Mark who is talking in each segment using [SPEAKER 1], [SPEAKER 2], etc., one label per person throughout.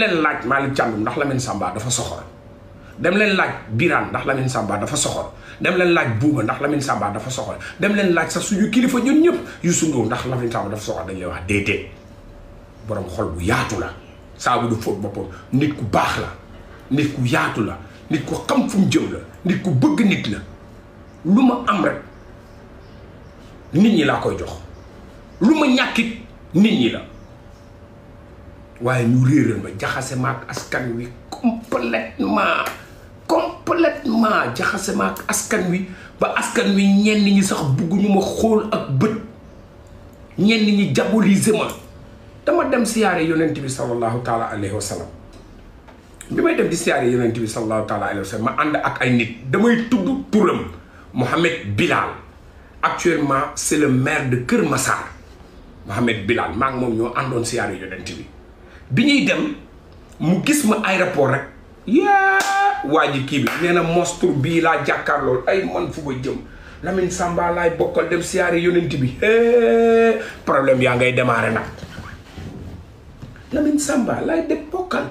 [SPEAKER 1] dem laaj Malick Thiandoum ndax Lamine Samba dafa soxor dem leen laaj Birane ndax Lamine Samba dafa soxor demleen laaj Bouba ndax Lamine Samba dafa soxor dem leen laaj sax suñu kilifa ñun ñëpp Youssou Ndour ndax Lamine Samba dafa soxor dañ lay wax déedéet borom xol bu yaatu la saabu du fóot boppam nit ku baax la nit ku yaatu la nit ku xam fu jëm la nit ku bëgg nit la lu ma am rek nit ñi laa koy jox lu ma ñàkkit nit ñi la waaye ñu réeral ma jaxase ma ak askan wi complètement complètement jaxase ma ak askan wi ba askan wi ñenn ñi sax bugguñu ma xool ak bët ñenn ñi diaboliser ma dama dem siyaare yonent bi sallallahu taala alayhi wa sallam bi may dem di siyaare yonent bi sallallahu taala alayhi wa ma ànd ak ay nit damay tudd turam Mohamed Bilal actuellement c'est le maire de Kër Massar Mohamed Bilal maa ngi moom ñoo àndoon siyaare yonent bi bi ñuy dem mu gis ma aéroport rek yaa waa ji kii bi nee na bii laa jàkkaar loolu ay man fu ma jëm Lamine Samba laay bokkal dem siyaare yonent bi problème yaa ngay démarrer nag Lamine Samba laay dem bokkal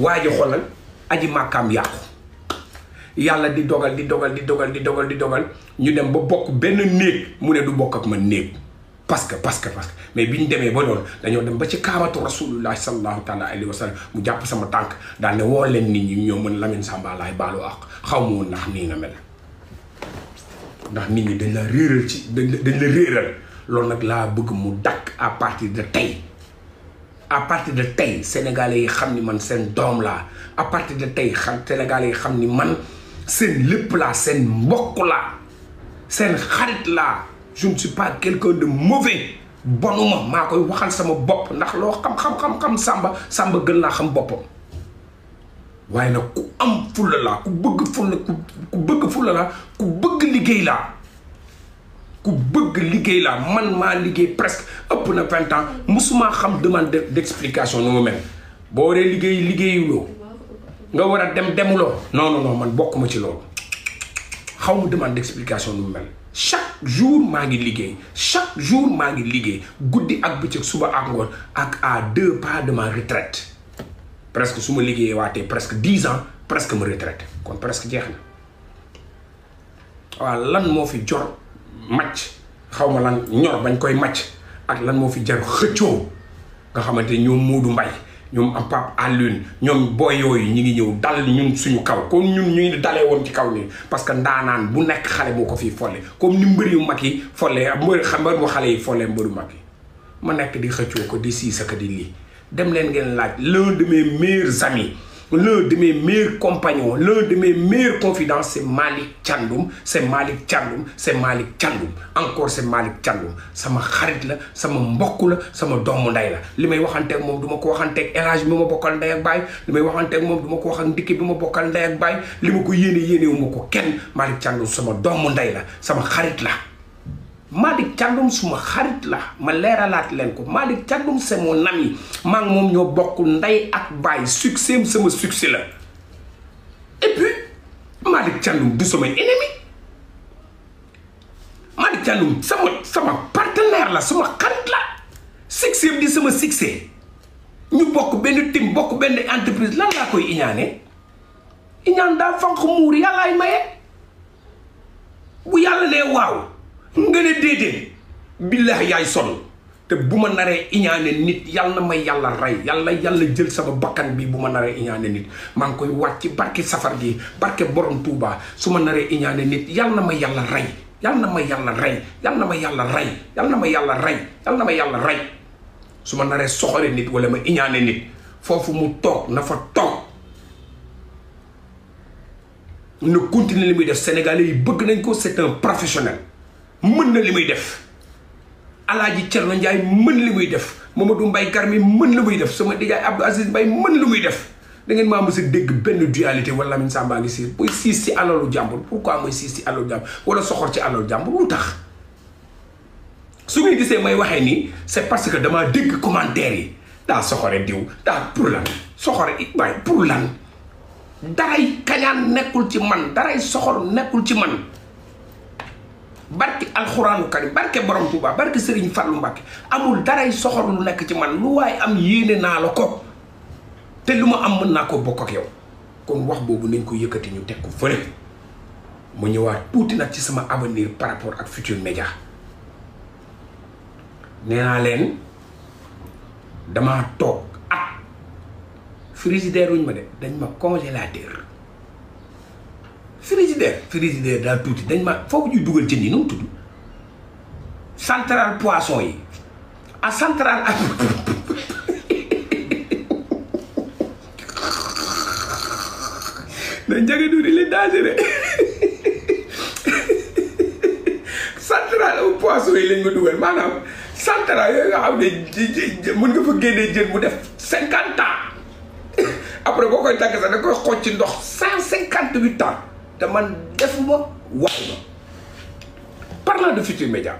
[SPEAKER 1] waa ji xoolal aji màkkaam yàqu yàlla di dogal di dogal di dogal di dogal di dogal ñu dem ba bokk benn néeg mu ne du bokk ak ma néeg parce que parce que parce que mais bi ñu demee ba loolu dañoo dem ba ci kaabatu rasulullah sallallahu taala alayhi wa sallam mu jàpp sama tànk daal ne woo leen nit ñi ñoo mën Lamine Samba laay baalu ak xaw ma woon ndax nii nga mel ndax nit ñi dañ la réeral ci dañ la réeral loolu nag laa bëgg mu dakk à partir de tey à partir de tey sénégalais yi xam ni man seen doom laa à partir de tey xam sénégalais xam ni man seen lépp laa seen mbokk laa seen xarit laa je ne suis pas quelqu'un de mauvais bonuma maa koy waxal sama bopp ndax loo xam xam xam sàmba sàmba gën laa xam boppam waaye nag ku am fulla laa ku bëgg fulla ku bëgg fulla laa ku bëgg liggéey laa ku bëgg liggéey laa man maa liggéey presque ëpp na vingt ans musuma xam demande d'explication nu mu mel boo waree liggéey liggéeyuloo nga war a dem demuloo non non man bokkuma ci loolu xaw ma demande d'explication nu mu mel chaque jour maa ngi liggéey chaque jour maa ngi liggéey guddi ak bëccëg suba ak ngoon ak à deux pas de ma retraite presque su ma liggéeyee waatee presque dix ans presque ma retraite kon presque jeex na waa lan moo fi jor macc xaw ma lan ñor bañ koy macc ak lan moo fi jar xëccoo nga xamante ñoom du Mbay ñoom am Pape Alioune ñoom boo yooyu ñi ngi ñëw dal ñun suñu kaw comme ñun ñu ngi dalee woon ci kaw nii parce que ndaanaan bu nekk xale moo ko fii folle comme ni mbër yu mag yi folle mbër bu xale yi folle mbëru mag yi ma nekk di xëccoo ko di sii sa di lii dem leen ngeen laaj l'un de mes meilleurs l'un de mes meilleurs compagnons, l'un de mes meilleurs confidents, c'est Malik Thiandoum, c'est Malik encore c'est Malik Thiandoum sama xarit la sama mbokk la sama doomu ndey la li may waxanteeg moom duma ma ko waxanteeg élage bi ma bokkal nday ak baay li may waxanteeg moom du ma ko wax ak ndikki bi ma bokkal ndey ko yéene yéene ma ko kenn Malik Thiandoum sama doomu ndey la sama xarit la Malick Thiandoum suma xarit la ma leeralaat leen ko Malick Thiandoum semoo mon ami maa ngi moom ñoo bokk ndey ak baay succès am sama succès la et puis Malick Thiandoum du sama ennemi Malick Thiandoum sama sama partenaire la suma xarit la succès am sama succès ñu bokk benn team bokk benn entreprise lan laa koy iñaane iñaan daa fanq muur yàllaay maye bu yàlla nee waaw nga ne déedéet billahi yaay sonn te bu ma naree iñaane nit yàlla na ma yàlla rey yàlla yàlla jël sama bakkan bi bu ma naree iñaane nit maa ngi koy wàcc barke safar gi barke borom Touba su ma naree iñaane nit yàlla na ma yàlla rey yàlla na ma yàlla rey yàlla na ma yàlla rey yàlla na ma yàlla rey yàlla na ma yàlla rey su ma naree soxore nit wala ma iñaane nit foofu mu toog na fa toog na continuer li muy def sénégalais yi bëgg nañ ko c'est un professionnel mën na li muy def alaaji Cerno Njaay mën li muy def Mamadou Mbay Garmi mën li muy def sama dijaay Abdou Aziz Mbay mën li muy def da ngeen maa mës a dégg benn dualité wala Lamine Samba ngi siir booy siis ci alalu jàmbur pourquoi mooy siis ci alalu jàmbur wala soxor ci alalu jàmbur lu tax su ngeen gisee may waxee nii c'est parce que damaa dégg commentaire yi daa soxore diw daa pour lan soxore it waay pour lan daray kañaan nekkul ci man daray soxor nekkul ci man barke alxuraanu karim barke borom Touba barke Serigne lu Mbacke amul daray soxor lu nekk ci man lu waaye am yéene naa la ko te lu ma am mën naa ko bokk ak yow kon wax boobu nañ ko yëkkati ñu teg ko fële mu ñëwaat tuuti nag ci sama avenir par rapport ak Futurs Médias nee naa leen damaa toog at frigidaire wuñ ma de dañ ma congélateur frigidaire frigidaire daal tuuti dañ ma foofu ñuy dugal jën yi nu mu tudd central yi a central ak da njëge du di li dangereux central yi lañ ma dugal maanaam central yooyu aw xam ne mën nga mu def cinquante ans après boo koy tàgg sax da koy xooj ci ndox cent cinquante huit te man defuma waxuma parlant de Futurs Médias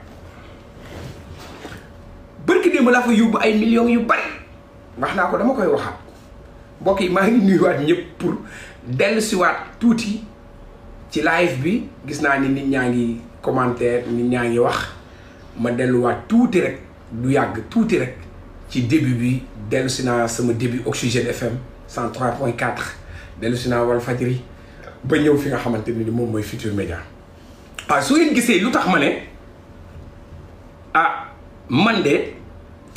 [SPEAKER 1] bërki démb laa fa yóbbu ay million yu bari wax naa ko dama koy waxaat mbokk yi maa ngi nuyuwaat ñëpp pour dellusiwaat tuuti ci live bi gis naa ni nit ñaa ngi commentaire nit ñaa ngi wax ma delluwaat tuuti rek du yàgg tuuti rek ci début bi dellusi naa sama début Oxygène FM 103.4 dellusi naa Walfadjri ba ñëw fi nga xamante ni moom mooy Futurs Médias ah su ngeen gisee lu tax ma ne a ah, man de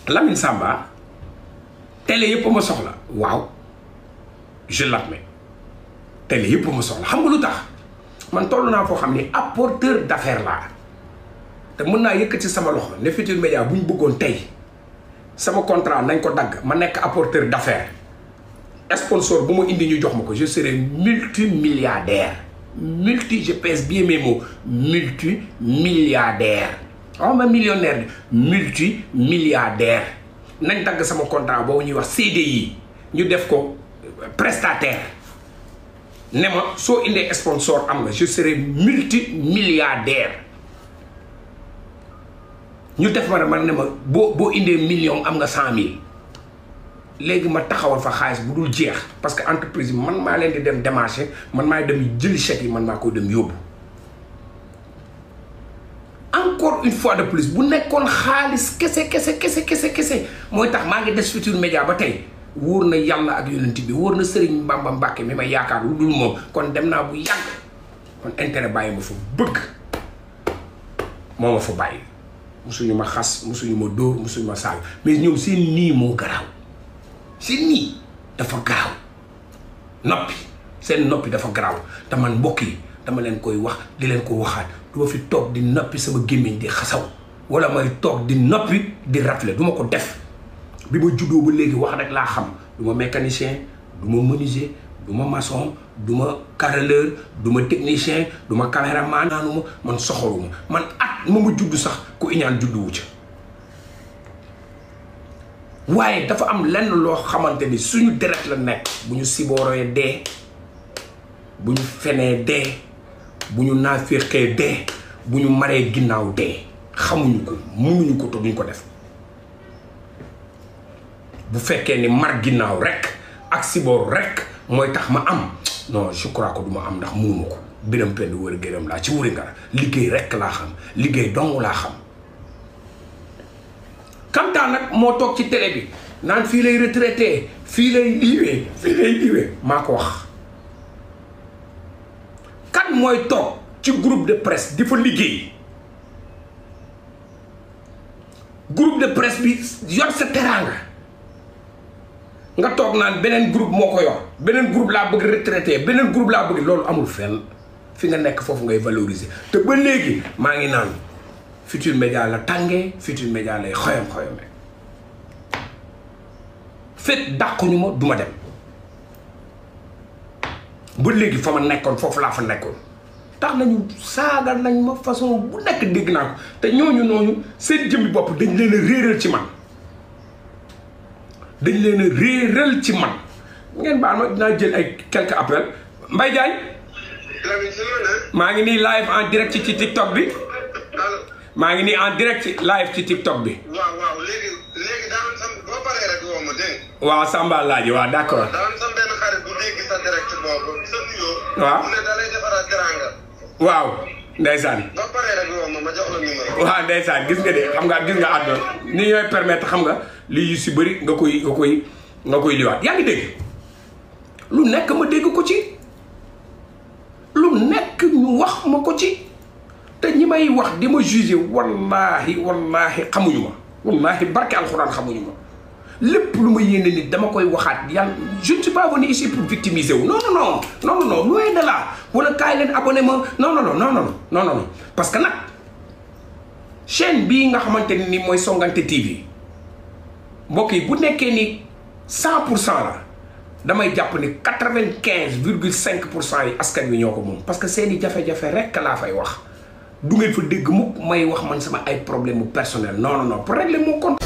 [SPEAKER 1] Lamine Samba télé yëpp ma soxla waaw je l'admets télé yëpp ma soxla xam nga lu tax man toll naa foo xam ne apporteur d'affaires laa te mën naa yëkkati sama loxo ne Futurs Médias bu ñu bëggoon tey sama contrant nañ ko dagg ma nekk apporteur d'affaires sponsor bu ma indi ñu jox ma ko je serai multimilliardaire multi je bi bien mes mots multimilliardaire waaw ma millionnaire bi multimilliardaire nañ dagg sama contrat boobu ñuy wax yi ñu def ko prestataire ne ma soo indee sponsor am nga je serai multimilliardaire ñu def ma ne ma boo boo indee million am nga cent mille léegi ma taxawal fa xaalis bu dul jeex parce que entreprise bi man maa leen di dem démarché man maay dem jëli chèque yi man maa koy dem yóbbu encore une fois de plus bu nekkoon xaalis kese kese kese kese kese mooy tax maa ngi des Futurs Médias ba tey wóor na yàlla ak yonent bi wóor na Serigne Mbamba Mbàkke mi may yaakaar lu dul moom kon dem naa bu yàgg kon intérêt bàyyi ma fa bëgg moo ma fa bàyyi musuñu ma xas musuñu ma dóor musuñu ma saal mais ñoom seen nii moo si nii dafa gaaw noppi seen noppi dafa garaaw te man mbokk yi dama leen koy wax di leen ko waxaat du fi toog di noppi sama gémmiñ di xasaw wala may toog di noppi di rafle du ma ko def bi ma juddoo ba léegi wax rek laa xam du ma mécanicien du ma menuisier du ma maçon du ma carreleur du ma technicien du ma caméraman naanu ma man soxoruma man at ma ma judd sax ku iñaan judduwu ca waaye dafa am lenn loo xamante ni suñu deret la nekk bu ñu sibooree dee bu ñu fenee dee bu ñu naaféqee dee bu ñu maree ginnaaw dee xamuñu ko mënuñu ko te duñ ko def bu fekkee ni mar ginnaaw rek ak siboor rek mooy tax ma am non je crois que du ma am ndax mënu ko biram pend wër gërëm laa ci wuri ngara liggéey rek laa xam liggéey dong laa xam Kanta nag moo toog ci télé bi naan fii lay retraité fii lay diwee fii lay diwee maa ko wax kan mooy toog ci groupe de presse di fa liggéey groupe de presse bi yor sa teraanga nga toog naan beneen groupe moo ko yor beneen groupe laa bëgg retraité beneen groupe laa bëgg loolu amul fenn fi nga nekk foofu ngay valorisé te ba léegi maa ngi naan Futurs Médias la tàngee Futurs Médias lay xoyam-xoyame fépp dàquñu ma du dem ba léegi fa ma nekkoon foofu laa fa nekkoon tax nañu saaga nañ ma façon bu nekk dégg naa ko te ñooñu nooñu seen jëmmi bopp dañ leen a réeral ci man dañ leen a réeral ci man ngeen baal ma dinaa jël ay quelques appels Mbaye Diagne maa ngi nii live en direct ci TikTok bi maa ngi nii en direct live ci TikTok bi. waaw waaw léegi léegi daan sam boo paree rek woo ma dégg waaw Samba laaj waaw d' waaw mu waaw ndeysaan. gis nga de xam nga gis nga àdduna ni ñooy permettre xam nga lii yu si bëri nga koy nga koy nga koy liwaat yaa ngi dégg lu nekk ma dégg ko ci lu nekk ñu wax ma ko ci. may wax di ma jugé wallaahi wallaahi xamuñu ma wallaahi barke alxuraan xamuñu ma lépp lu ma yéene nit dama koy waxaat yàlla je ne suis pas pour victimiser wu non non non non non wala kaay leen abonné ma non non non non parce que nag chaîne bii nga xamante ne ni mooy songante TV mbokk yi bu nekkee ni cent pour cent la damay jàpp ni quatre-vingt-quinze virgule cinq pour cent yi askan wi ñoo ko moom parce que seeni jafe-jafe rek laa fay wax du ngeen fa dégg mukk may wax man sama ay problème mu personnel non non non pour régler mon